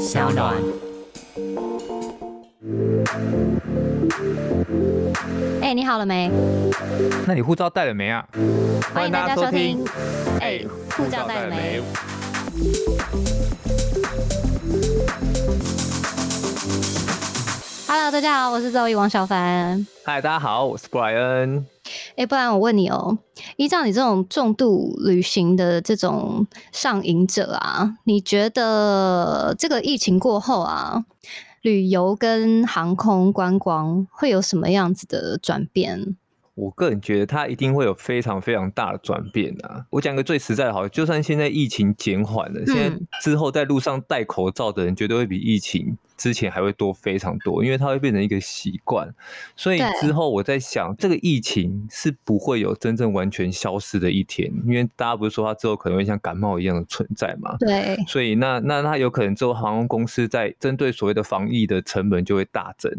小暖，哎、欸，你好了沒？那你護照帶了沒啊？歡迎大家收聽，哎、欸，護照帶了沒？護照帶了沒？Hello，大家好，我是 Zoe，王小凡。嗨，大家好，我是布萊恩。哎、欸，不然我問你哦、喔，依照你這種重度旅行的這種上癮者啊，你覺得這個疫情過後啊，旅遊跟航空觀光會有什麼樣子的轉變？我個人覺得它一定會有非常非常大的轉變啊。我講個最實在的，好，就算現在疫情減緩了，現在之後在路上戴口罩的人絕對會比疫情。嗯之前還會多非常多，因為它會變成一個習慣，所以之後我在想，對這個疫情是不會有真正完全消失的一天，因為大家不是說它之後可能會像感冒一樣的存在嘛？對，所以那那那有可能之後航空公司在針對所謂的防疫的成本就會大增。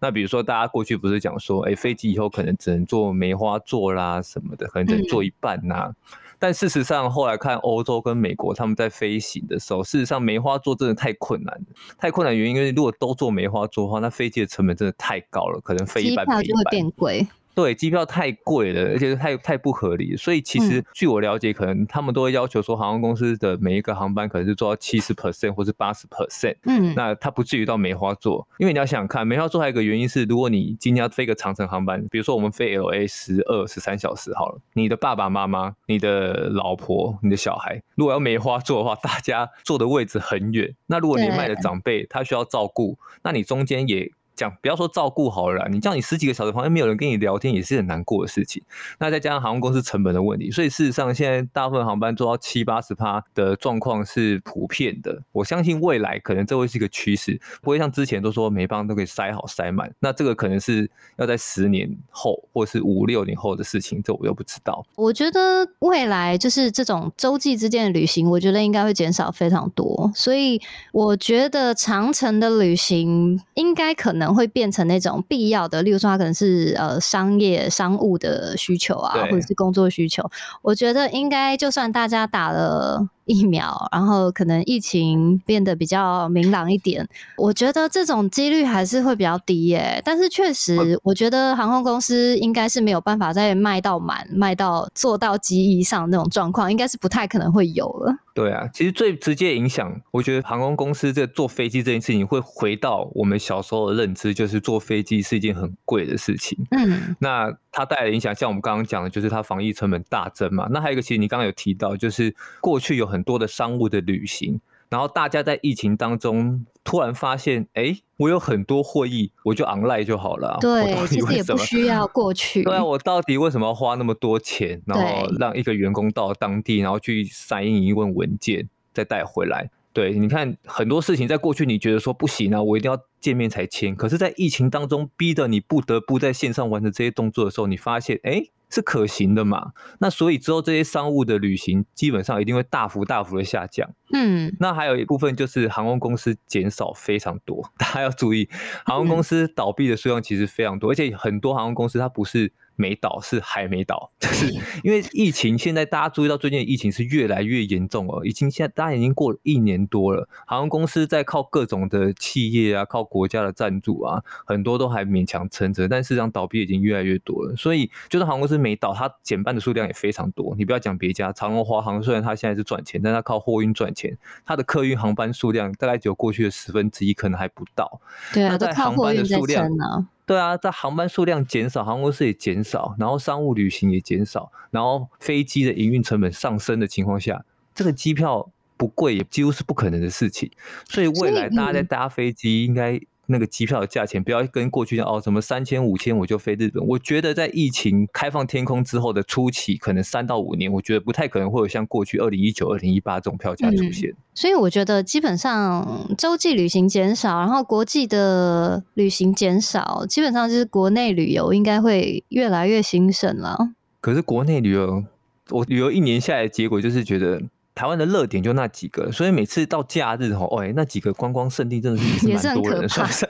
那比如說大家過去不是講說，哎、欸，飛機以後可能只能坐梅花座啦什麼的，可能只能坐一半吶、啊。嗯但事實上，後來看歐洲跟美國，他們在飛行的時候，事實上梅花座真的太困難了，太困難原因，因為如果都坐梅花座的話，那飛機的成本真的太高了，可能飛一班比一班。對，機票太貴了，而且太太不合理。所以其實據我了解，嗯、可能他們都會要求說，航空公司的每一個航班可能是做到七十 percent 或是八十 percent。嗯，那它不至於到梅花座，因為你要想想看，梅花座還有一個原因是，如果你今天要飛個長程航班，比如說我們飛 L A 十二、十三小時好了，你的爸爸媽媽、你的老婆、你的小孩，如果要梅花座的話，大家坐的位置很遠。那如果年邁的長輩他需要照顧，對那你中間也。講，不要說照顧好了，你叫你十幾個小時，旁邊沒有人跟你聊天，也是很難過的事情。那再加上航空公司成本的問題，所以事實上現在大部分航班做到七八十趴的狀況是普遍的。我相信未來可能這會是一個趨勢，不會像之前都說每一班都可以塞好塞滿。那這個可能是要在十年後或是五六年後的事情，這我又不知道。我覺得未來就是這種洲際之間的旅行，我覺得應該會減少非常多。所以我覺得長程的旅行應該可能。會變成那種必要的，例如說他可能是呃商業商務的需求啊，對或者是工作需求。我覺得應該就算大家打了。疫苗，然後可能疫情變得比較明朗一點，我覺得這種幾率還是會比較低耶、欸。但是確實，我覺得航空公司應該是沒有辦法再賣到滿，賣到坐到機翼上那種狀況，應該是不太可能會有了。對啊，其實最直接影響，我覺得航空公司這坐飛機這件事情，會回到我們小時候的認知，就是坐飛機是一件很貴的事情。嗯，那。它帶來的影響，像我們剛剛講的，就是它防疫成本大增嘛。那還有一個，其實你剛剛有提到，就是過去有很多的商務的旅行，然後大家在疫情當中突然發現，哎、欸，我有很多會議，我就 online 就好了。對，我到底為什麼，其實也不需要過去。 對啊，我到底為什麼要花那麼多錢，然後讓一個員工到當地，然後去 sign 一份文件，再帶回來？對，你看很多事情在過去，你覺得說不行啊，我一定要見面才簽。可是，在疫情當中，逼得你不得不在線上完成這些動作的時候，你發現，誒，是可行的嘛？那所以之後這些商務的旅行，基本上一定會大幅大幅的下降。嗯，那還有一部分就是航空公司減少非常多，大家要注意，航空公司倒閉的數量其實非常多，而且很多航空公司它不是。沒倒是還沒倒，就是因為疫情，現在大家注意到最近的疫情是越來越嚴重了，已經現在大家已經過了一年多了，航空公司在靠各種的企業啊，靠國家的贊助啊，很多都還勉強撐着，但事實上倒閉已經越來越多了。所以，就算航空公司沒倒，它減班的數量也非常多。你不要講別家，長榮華航雖然它現在是賺錢，但它靠貨運賺錢，它的客運航班數量大概只有過去的十分之一，可能還不到。對啊，在航班的數量對啊，在航班數量減少、航空公司也減少、然後商務旅行也減少、然後飛機的營運成本上升的情況下，這個機票不貴也幾乎是不可能的事情。所以未來大家在搭飛機應該。那個機票的價錢不要跟過去像哦，什麼三千五千我就飛日本。我覺得在疫情開放天空之後的初期，可能三到五年，我覺得不太可能會有像過去二零一九、二零一八這種票價出現，嗯。所以我覺得基本上洲際旅行減少，然後國際的旅行減少，基本上就是國內旅遊應該會越來越興盛了。可是國內旅遊，我旅遊一年下來，結果就是覺得。台灣的熱點就那幾個，所以每次到假日吼，哎、喔欸，那幾個觀光勝地真的是也是蠻多人的，是不是？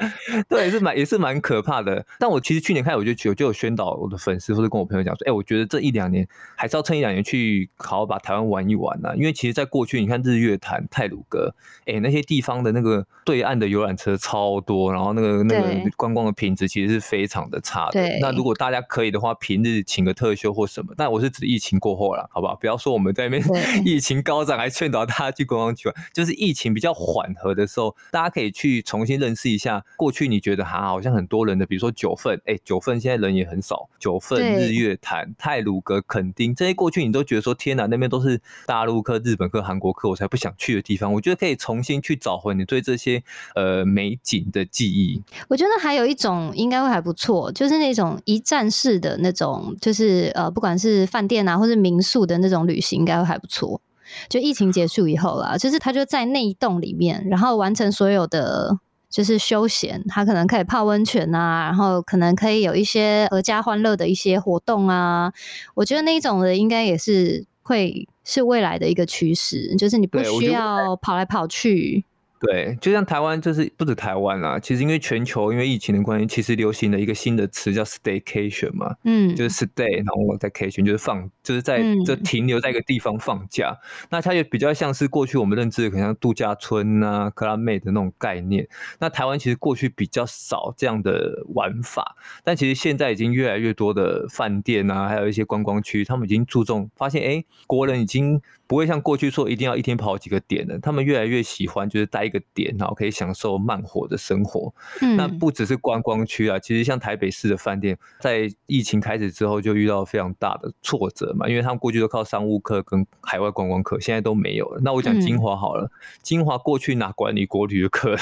對，是蠻也是蠻可怕的。但我其實去年開始我就我就有宣導我的粉絲或者跟我朋友講說，哎、欸，我覺得這一兩年還是要趁一兩年去好好把台灣玩一玩吶、啊。因為其實，在過去你看日月潭、太魯閣，哎、欸，那些地方的那個對岸的遊覽車超多，然後那個那個觀光的品質其實是非常的差的。對 那如果大家可以的話，平日請個特休或什麼，但我是指疫情過後了，好不好？不要說我們在那邊對 疫情高。部長還勸導大家去觀光區，就是疫情比較緩和的時候，大家可以去重新認識一下，過去你覺得啊，好像很多人的，比如說九份，哎、欸，九份現在人也很少。九份、日月潭、太魯閣、墾丁對 這些過去你都覺得說天哪，那邊都是大陸客、日本客、韓國客，我才不想去的地方。我覺得可以重新去找回你對這些呃美景的記憶。我覺得還有一種應該會還不錯，就是那種一站式的那種，就是呃，不管是飯店啊，或是民宿的那種旅行，應該會還不錯。就疫情結束以後啦，就是他就在那一棟裡面，然後完成所有的就是休閒，他可能可以泡溫泉啊，然後可能可以有一些闔家歡樂的一些活動啊。我覺得那一種的應該也是會是未來的一個趨勢，就是你不需要跑來跑去。對，就像台灣，就是不止台灣啊。其實因為全球因為疫情的關係，其實流行了一個新的詞叫 staycation 嘛，嗯，就是 stay，然後我在 cation，就是放，就是在這停留在一個地方放假。嗯、那它也比較像是過去我們認知的，可能像度假村啊、Club Med 的那種概念。那台灣其實過去比較少這樣的玩法，但其實現在已經越來越多的飯店啊，還有一些觀光區，他們已經注重發現，哎、欸，國人已經。不會像過去說一定要一天跑幾個點的，他們越來越喜歡就是待一個點，然後可以享受慢活的生活。嗯，那不只是觀光區啊，其實像台北市的飯店，在疫情開始之後就遇到非常大的挫折嘛，因為他們過去都靠商務客跟海外觀光客，現在都沒有了。那我講晶華好了，晶華，嗯，過去哪管理國旅的客人，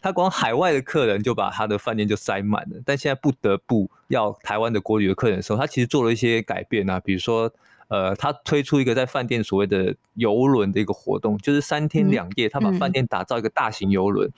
他管海外的客人就把他的飯店就塞滿了，但現在不得不要台灣的國旅的客人的時候，他其實做了一些改變啊，比如說。呃，他推出一個在飯店所謂的郵輪的一個活動，就是三天兩夜，他把飯店打造一個大型郵輪。嗯，嗯。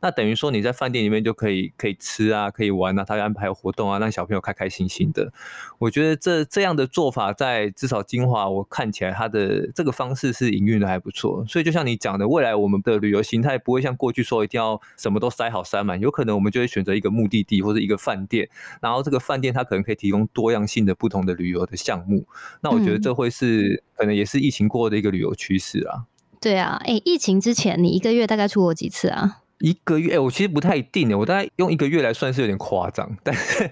那等於說你在飯店裡面就可以可以吃啊，可以玩啊，他安排活動啊，讓小朋友開開心心的。我覺得這這樣的做法，在至少晶華我看起來它，他的這個方式是營運的還不錯。所以就像你講的，未來我們的旅遊形態不會像過去說一定要什麼都塞好塞滿，有可能我們就會選擇一個目的地或者一個飯店，然後這個飯店它可能可以提供多樣性的不同的旅遊的項目。那我覺得。這會是可能也是疫情過後的一個旅遊趨勢啊。對啊，哎，疫情之前你一個月大概出國幾次啊？一個月，哎、欸，我其實不太一定的。欸，我大概用一個月來算是有點誇張，但是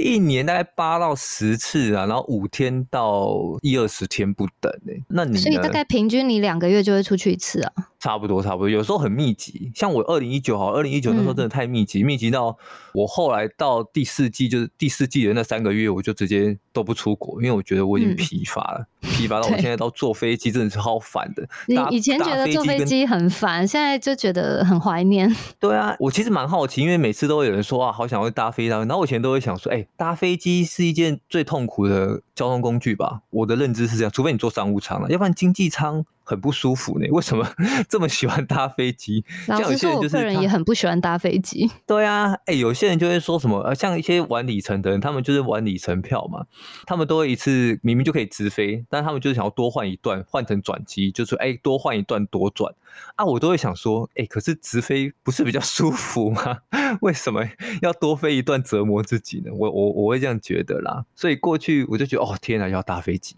一年大概八到十次啊，然後五天到一二十天不等的。欸，那你所以大概平均你兩個月就會出去一次啊？差不多，差不多。有時候很密集，像我二零一九哈，二零一九那時候真的太密集，嗯、密集到我後來到第四季，就是第四季的那三個月，我就直接都不出國，因為我覺得我已經疲乏了，嗯、疲乏到我現在到坐飛機真的是好煩的。對搭你以前覺得坐飛機很煩，現在就覺得很懷念。對啊，我其實蠻好奇，因為每次都有人說啊，好想要搭飛機、啊，然後我以前都會想說，哎、欸，搭飛機是一件最痛苦的交通工具吧？我的認知是這樣，除非你坐商務艙了、啊，要不然經濟艙。很不舒服呢、欸，為什麼這麼喜歡搭飛機？其實我個人也很不喜歡搭飛機。對啊、欸，有些人就會說什麼，像一些玩里程的人，他們就是玩里程票嘛，他們都會一次明明就可以直飛，但他們就是想要多換一段，換成轉機，就是哎、欸、多換一段多轉啊，我都會想說，哎、欸，可是直飛不是比較舒服嗎？為什麼要多飛一段折磨自己呢？我我我會這樣覺得啦，所以過去我就覺得哦，天啊，要搭飛機。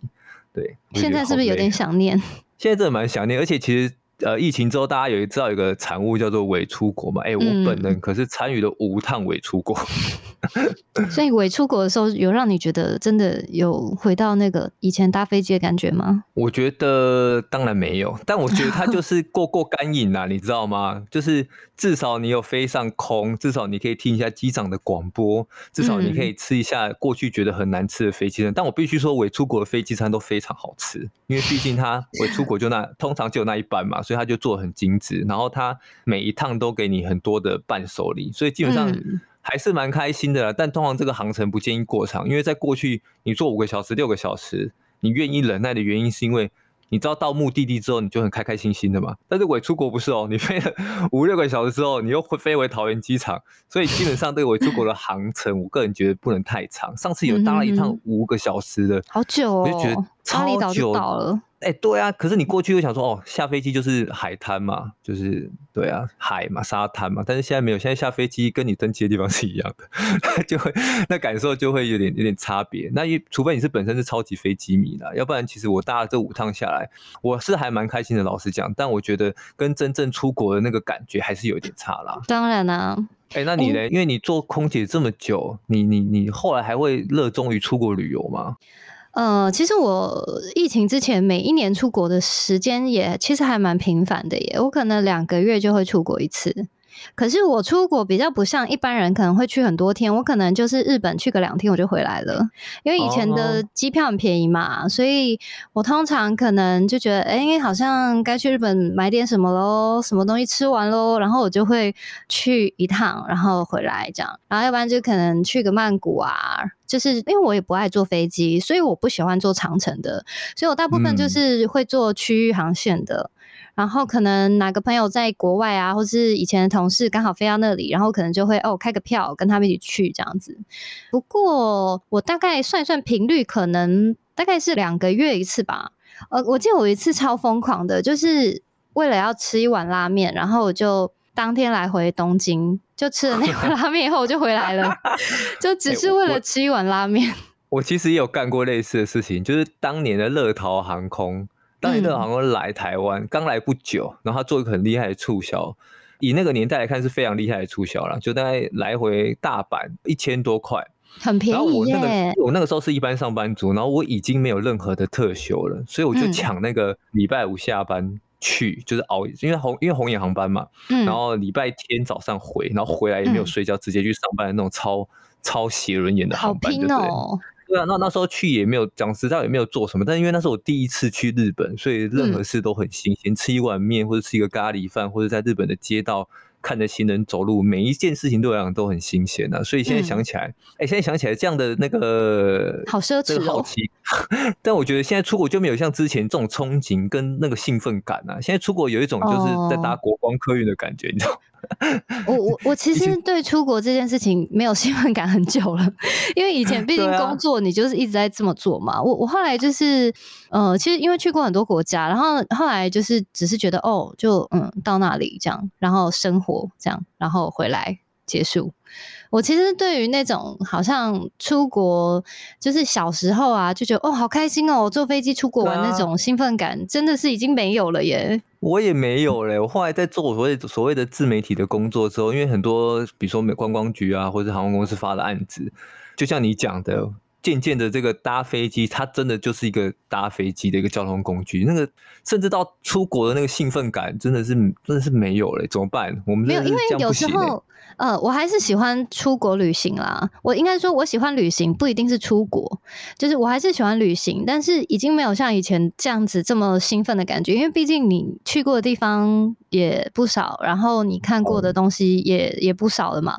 對，現在是不是有點想念？現在真的蠻想念，而且其實。呃，疫情之後大家有知道有一個產物叫做“偽出國”嘛？哎，我本人可是參與了五趟偽出國，嗯， 所以偽出國的時候有讓你覺得真的有回到那個以前搭飛機的感覺嗎？我覺得當然沒有，但我覺得它就是過過乾癮啦， 你知道嗎？就是至少你有飛上空，至少你可以聽一下機長的廣播，至少你可以吃一下過去覺得很難吃的飛機餐。嗯、但我必須說，偽出國的飛機餐都非常好吃，因為畢竟它偽出國就那 通常就那一班嘛。所以他就做的很精緻，然後他每一趟都給你很多的伴手禮，所以基本上還是蠻開心的啦。嗯、但通常這個航程不建議過長，因為在過去你坐五個小時、六個小時，你願意忍耐的原因是因為你知道到目的地之後你就很開開心心的嘛。但是偽出國不是哦、喔，你飛了五六個小時之後，你又會飛回桃園機場，所以基本上對偽出國的航程，我個人覺得不能太長。嗯、上次有搭了一趟五個小時的，好久、哦、我就覺得超久，巴里島就到了。哎、欸，對啊，可是你過去又想說，哦，下飛機就是海灘嘛，就是對啊，海嘛，沙灘嘛。但是現在沒有，現在下飛機跟你登機的地方是一樣的， 就會那感受就會有點有點差別。那除非你是本身是超級飛機迷啦，要不然其實我搭了這五趟下來，我是還蠻開心的，老實講。但我覺得跟真正出國的那個感覺還是有點差啦。當然啦、啊，哎、欸，那你呢？欸、因為你做空姐這麼久，你你你,你後來還會熱衷於出國旅遊嗎？呃，其實我疫情之前每一年出國的時間也其實還蠻頻繁的耶，我可能兩個月就會出國一次。可是我出國比較不像一般人，可能會去很多天。我可能就是日本去個兩天我就回來了，因為以前的機票很便宜嘛，Oh. 所以我通常可能就覺得，哎，好像該去日本買點什麼嘍，什麼東西吃完嘍，然後我就會去一趟，然後回來這樣。然後要不然就可能去個曼谷啊，就是因為我也不愛坐飛機，所以我不喜歡坐長程的，所以我大部分就是會坐區域航線的。嗯。然後可能哪個朋友在國外啊，或是以前的同事剛好飛到那裡，然後可能就會哦開個票跟他們一起去這樣子。不過我大概算一算頻率，可能大概是兩個月一次吧。呃，我記得有一次超瘋狂的，就是為了要吃一碗拉麵，然後我就當天來回東京，就吃了那碗拉麵以後我就回來了， 就只是為了吃一碗拉麵。欸，我，我，我其實也有幹過類似的事情，就是當年的樂桃航空。他那個好像來台灣，剛來不久，然後他做一個很厲害的促銷，以那個年代來看是非常厲害的促銷了，就大概來回大阪一千多塊，很便宜。然後我那個我那個時候是一般上班族，然後我已經沒有任何的特休了，所以我就搶那個禮拜五下班去，嗯、就是熬，因為紅因為紅眼航班嘛，嗯、然後禮拜天早上回，然後回來也沒有睡覺，嗯、直接去上班的那種超超血輪眼的航班，喔、對不對哦？對啊，那那時候去也沒有，講實在也沒有做什麼。但因為那是我第一次去日本，所以任何事都很新鮮，嗯、吃一碗麵或者吃一個咖喱飯，或者在日本的街道看着行人走路，每一件事情對我來講都很新鮮啊。所以現在想起來，哎、嗯，欸，現在想起來這樣的那個好奢侈、哦，好奇。但我覺得現在出國就沒有像之前這種憧憬跟那個興奮感啊。現在出國有一種就是在搭國光客運的感覺，哦、你知道。 我我我其實對出國這件事情沒有興奮感很久了， 因為以前畢竟工作你就是一直在這麼做嘛，我我我後來就是呃，其實因為去過很多國家，然後後來就是只是覺得哦，就嗯到那裡這樣，然後生活這樣，然後回來結束。我其實對於那種好像出國，就是小時候啊就覺得哦好開心哦，坐飛機出國玩，那種興奮感真的是已經沒有了耶。我也沒有嘞，我後來在做我所謂所謂的自媒體的工作之後，因為很多比如說美觀光局啊，或者航空公司發的案子，就像你講的。漸漸的，這個搭飛機，它真的就是一個搭飛機的一個交通工具。那個甚至到出國的那個興奮感，真的是真的是沒有了。怎麼辦？我們、欸、沒有，因為有時候，呃，我還是喜歡出國旅行啦。我應該說我喜歡旅行，不一定是出國，就是我還是喜歡旅行。但是已經沒有像以前這樣子這麼興奮的感覺，因為畢竟你去過的地方也不少，然後你看過的東西也、嗯、也不少了嘛。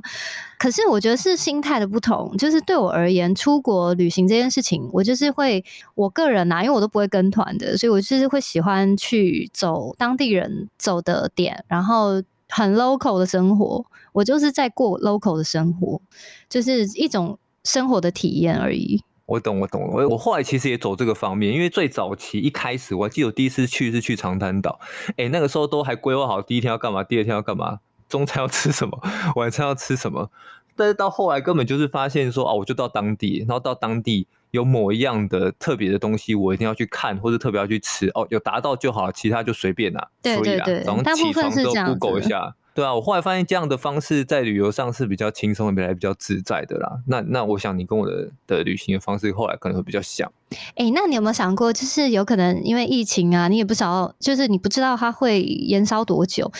可是我覺得是心態的不同，就是對我而言，出國旅行這件事情，我就是會，我個人吶，因為我都不會跟團的，所以我就是會喜歡去走當地人走的點，然後很 local 的生活，我就是在過 local 的生活，就是一種生活的體驗而已。我懂，我懂我，我我後來其實也走這個方面，因為最早期一開始，我還記得我第一次去是去長灘島，誒，那個時候都還規劃好第一天要幹嘛，第二天要幹嘛。中餐要吃什麼，晚餐要吃什麼？但是到後來根本就是發現說，哦、啊，我就到當地，然後到當地有某一樣的特別的東西，我一定要去看，或者特別要去吃。哦，有達到就好，其他就隨便啦。對對對，大部分是這樣。所以啦，早上起床 Google 一下。對啊，我後來發現這樣的方式在旅遊上是比較輕鬆、比較比較自在的啦。那那我想你跟我的的旅行的方式後來可能會比較像。哎、欸，那你有沒有想過，就是有可能因為疫情啊，你也不曉，就是你不知道它會延燒多久。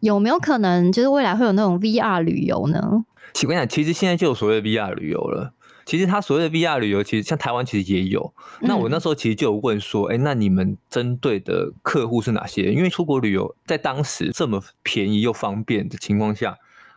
有沒有可能就是未來會有那種 VR 旅遊呢？我跟你講，其實現在就有所謂的 VR 旅遊了。其實他所謂的 VR 旅遊，其實像台灣其實也有。嗯、那我那時候其實就有問說，哎、欸，那你們針對的客戶是哪些？因為出國旅遊在當時這麼便宜又方便的情況下，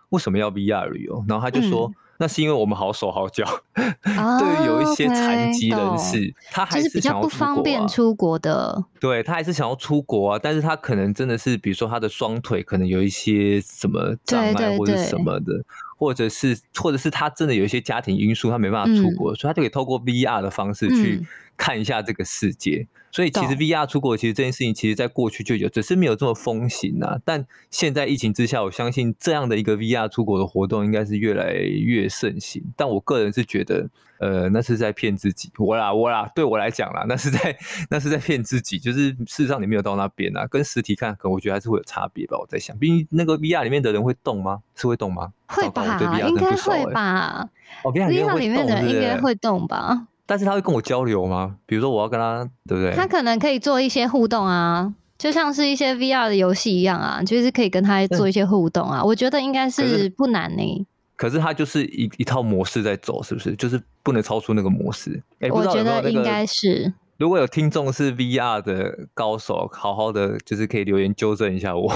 為什麼要 VR 旅遊？然後他就說。嗯那是因為我們好手好腳，對於有一些殘疾人士，他還是比較不方便出國的啊。對，他還是想要出國啊，但是他可能真的是，比如說他的雙腿可能有一些什麼障礙，或者什麼的，或者是或者是他真的有一些家庭因素，他沒辦法出國，所以他就可以透過 V R 的方式去。看一下這個世界，所以其實 VR 出國，其實這件事情其實在過去就有，只是沒有這麼風行啊，但現在疫情之下，我相信這樣的一個 VR 出國的活動應該是越來越盛行。但我個人是覺得，呃，那是在騙自己。我啦，我啦，對我來講啦，那是在那是在騙自己，就是事實上你沒有到那邊啊，跟實體看，可能我覺得還是會有差別吧。我在想，畢竟那個 VR 裡面的人會動嗎？是會動嗎？會吧，欸，應該會吧。Oh, VR 裡面會動是不是？裡面的人應該會動吧。但是他會跟我交流嗎？比如說我要跟他，對不對？他可能可以做一些互動啊，就像是一些 VR 的遊戲一樣啊，就是可以跟他做一些互動啊。嗯、我覺得應該是不難呢、欸。可是他就是一一套模式在走，是不是？就是不能超出那個模式。欸、我覺得有有、那個、應該是。如果有聽眾是 VR 的高手，好好的就是可以留言糾正一下我，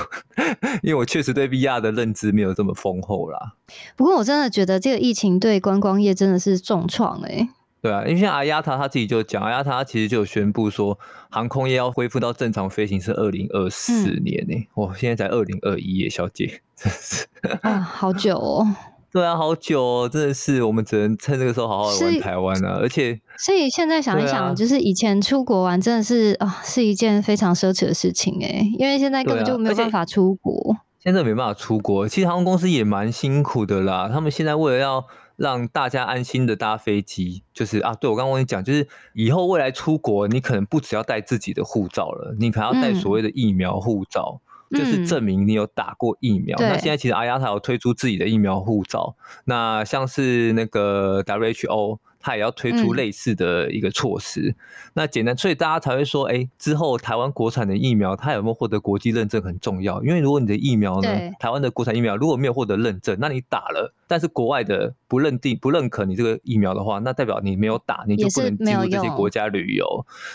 因為我確實對 VR 的認知沒有這麼豐厚啦。不過我真的覺得這個疫情對觀光業真的是重創誒、欸。對啊，因為像阿亞塔他自己就講，阿亞塔他其實就宣布說，航空業要恢復到正常飛行是二零二四年呢，我、嗯、現在才二零二一，小姐真是啊，好久哦。對啊，好久哦，真的是，我們只能趁這個時候好好的玩台灣了、啊、是而且，所以現在想一想，啊、就是以前出國玩真的是啊、呃，是一件非常奢侈的事情誒，因為現在根本就沒有辦法出國、啊。現在沒辦法出國，其實航空公司也蠻辛苦的啦，他們現在為了要。讓大家安心的搭飛機，就是啊，對，我剛剛跟你講，就是以後未來出國，你可能不只要帶自己的護照了，你可能要帶所謂的疫苗護照，嗯、就是證明你有打過疫苗。嗯、那現在其實 t 亞泰有推出自己的疫苗護照，對那像是那個 WHO。他也要推出類似的一個措施、嗯，那簡單，所以大家才會說，哎、欸，之後台灣國產的疫苗它有沒有獲得國際認證很重要，因為如果你的疫苗呢，對台灣的國產疫苗如果沒有獲得認證，那你打了，但是國外的不認定、不認可你這個疫苗的話，那代表你沒有打，你就不能進入這些國家旅遊。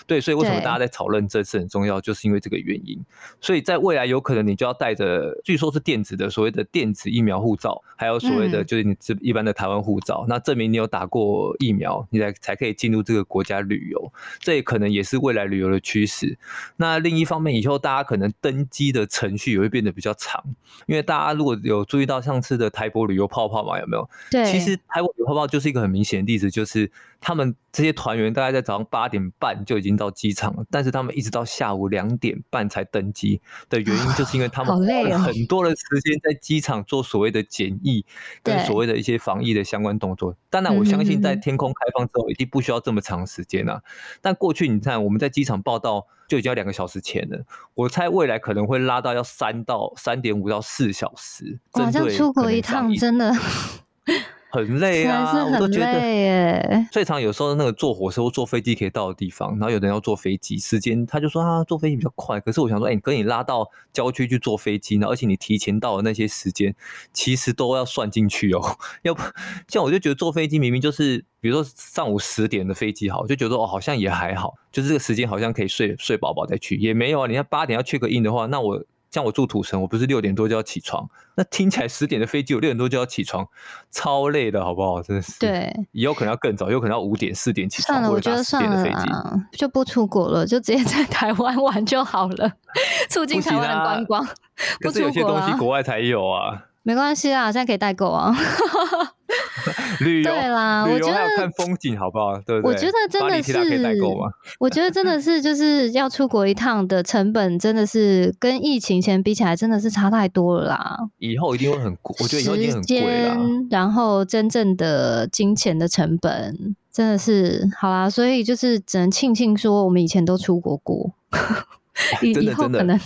對，所以為什麼大家在討論這次很重要，就是因為這個原因。所以在未來有可能你就要帶着，據說是電子的所謂的電子疫苗護照，還有所謂的、嗯、就是你這一般的台灣護照，那證明你有打過疫苗。你才才可以進入這個國家旅遊，這也可能也是未來旅遊的趨勢。那另一方面，以後大家可能登機的程序，也會變得比較長，因為大家如果有注意到上次的台帛旅遊泡泡嘛，有沒有？對，其實台帛旅遊泡泡就是一個很明顯的例子，就是。他們這些團員大概在早上八點半就已經到機場了，但是他們一直到下午兩點半才登機的原因，就是因為他們很多的時間在機場做所謂的檢疫跟所謂的一些防疫的相關動作。當然，我相信在天空開放之後，一定不需要這麼長時間了。但過去你看，我們在機場報到就已經要兩個小時前了。我猜未來可能會拉到要三到三點五到四小時。真正出國一趟真的。 很累啊，我都覺得。最常有時候那個坐火車或坐飛機可以到的地方，然後有人要坐飛機，時間他就說啊，坐飛機比較快。可是我想說，哎，跟你拉到郊區去坐飛機呢，而且你提前到的那些時間，其實都要算進去哦。要不像我就覺得坐飛機明明就是，比如說上午十點的飛機，好我就覺得哦，好像也還好，就是這個時間好像可以睡睡飽飽再去，也沒有啊。你看八點要 check 個 in 的話，那我。像我住土城，我不是六點多就要起床。那聽起來十點的飛機，我六點多就要起床，超累的，好不好？真的是。對。以後可能要更早，有可能要五點、四點起床。算了，或者是十點的飛機。我覺得算了，就不出國了，就直接在台灣玩就好了，促進台灣觀光。不行啦， 不出國了。可是有些東西國外才有啊。沒關係啊，現在可以代購啊。 旅遊對啦，遊我覺得，要看風景，好不好？對，對我覺得真的是，我覺得真的是就是要出國一趟的成本，真的是跟疫情前比起來，真的是差太多了啦。以後一定會很貴，我覺得以後一定很貴啦，然後真正的金錢的成本真的是好啦，所以就是只能慶幸說我們以前都出國過， 以 的以後可能。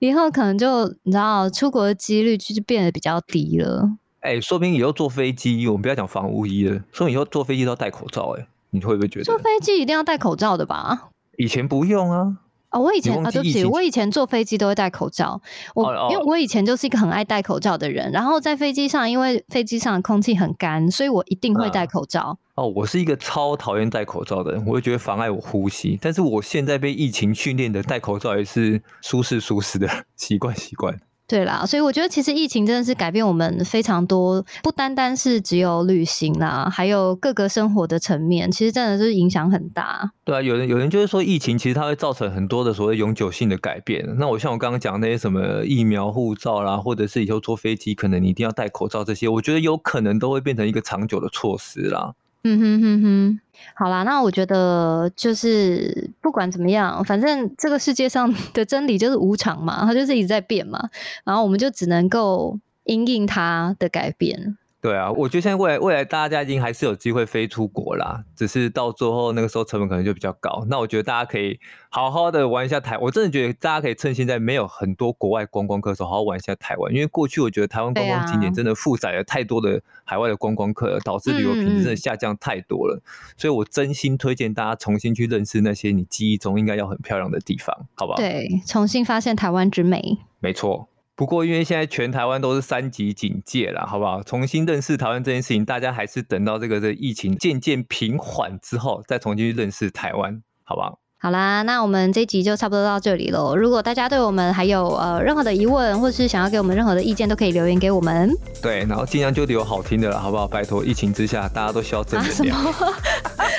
以後可能就你知道，出國的幾率其實變得比較低了。哎、欸，說不定以後坐飛機，我們不要講防護衣了，說不定以後坐飛機都要戴口罩，欸。哎，你會不會覺得坐飛機一定要戴口罩的吧？以前不用啊。哦，我以前啊對不起，我以前坐飛機都會戴口罩。我、哦哦、因為我以前就是一個很愛戴口罩的人，然後在飛機上，因為飛機上的空氣很乾，所以我一定會戴口罩。啊哦，我是一個超討厭戴口罩的人，我會覺得妨礙我呼吸。但是我現在被疫情訓練的戴口罩也是舒適舒適的習慣習慣。習慣習慣對啦，所以我覺得其實疫情真的是改變我們非常多，不單單是只有旅行啦，還有各個生活的層面，其實真的是影響很大。對啊，有人有人就是說疫情其實它會造成很多的所謂永久性的改變。那我像我剛剛講那些什麼疫苗護照啦，或者是以後坐飛機可能你一定要戴口罩這些，我覺得有可能都會變成一個長久的措施啦。嗯哼哼、嗯、哼，好啦，那我覺得就是不管怎麼樣，反正這個世界上的真理就是無常嘛，它就是一直在變嘛，然後我們就只能夠因應它的改變。對啊，我覺得現在未來未來大家已經還是有機會飛出國啦，只是到最後那個時候成本可能就比較高。那我覺得大家可以好好的玩一下台，我真的覺得大家可以趁現在沒有很多國外觀光客的時候，好好玩一下台灣。因為過去我覺得台灣觀光景點真的負載了太多的海外的觀光客了，啊、導致旅遊品質的下降太多了。嗯、所以我真心推薦大家重新去認識那些你記憶中應該要很漂亮的地方，好不好？對，重新發現台灣之美。沒錯。不過，因為現在全台灣都是三級警戒了，好不好？重新認識台灣這件事情，大家還是等到這個這個、疫情漸漸平緩之後，再重新去認識台灣，好不好？好啦，那我們這一集就差不多到這裡嘍。如果大家對我們還有呃任何的疑問，或者是想要給我們任何的意見，都可以留言給我們。對，然後儘量就留好聽的啦，好不好？拜託，疫情之下大家都需要正能量。啊、什麼？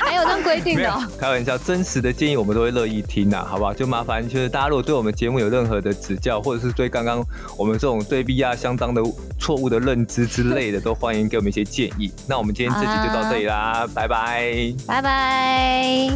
還有這樣規定的、喔 開玩笑，真實的建議我們都會樂意聽的，好不好？就麻煩就是大家如果對我們節目有任何的指教，或者是對剛剛我們這種對比亞相當的錯誤的認知之類的， 都歡迎給我們一些建議。那我們今天這集就到這裡啦，啊、拜拜，拜拜。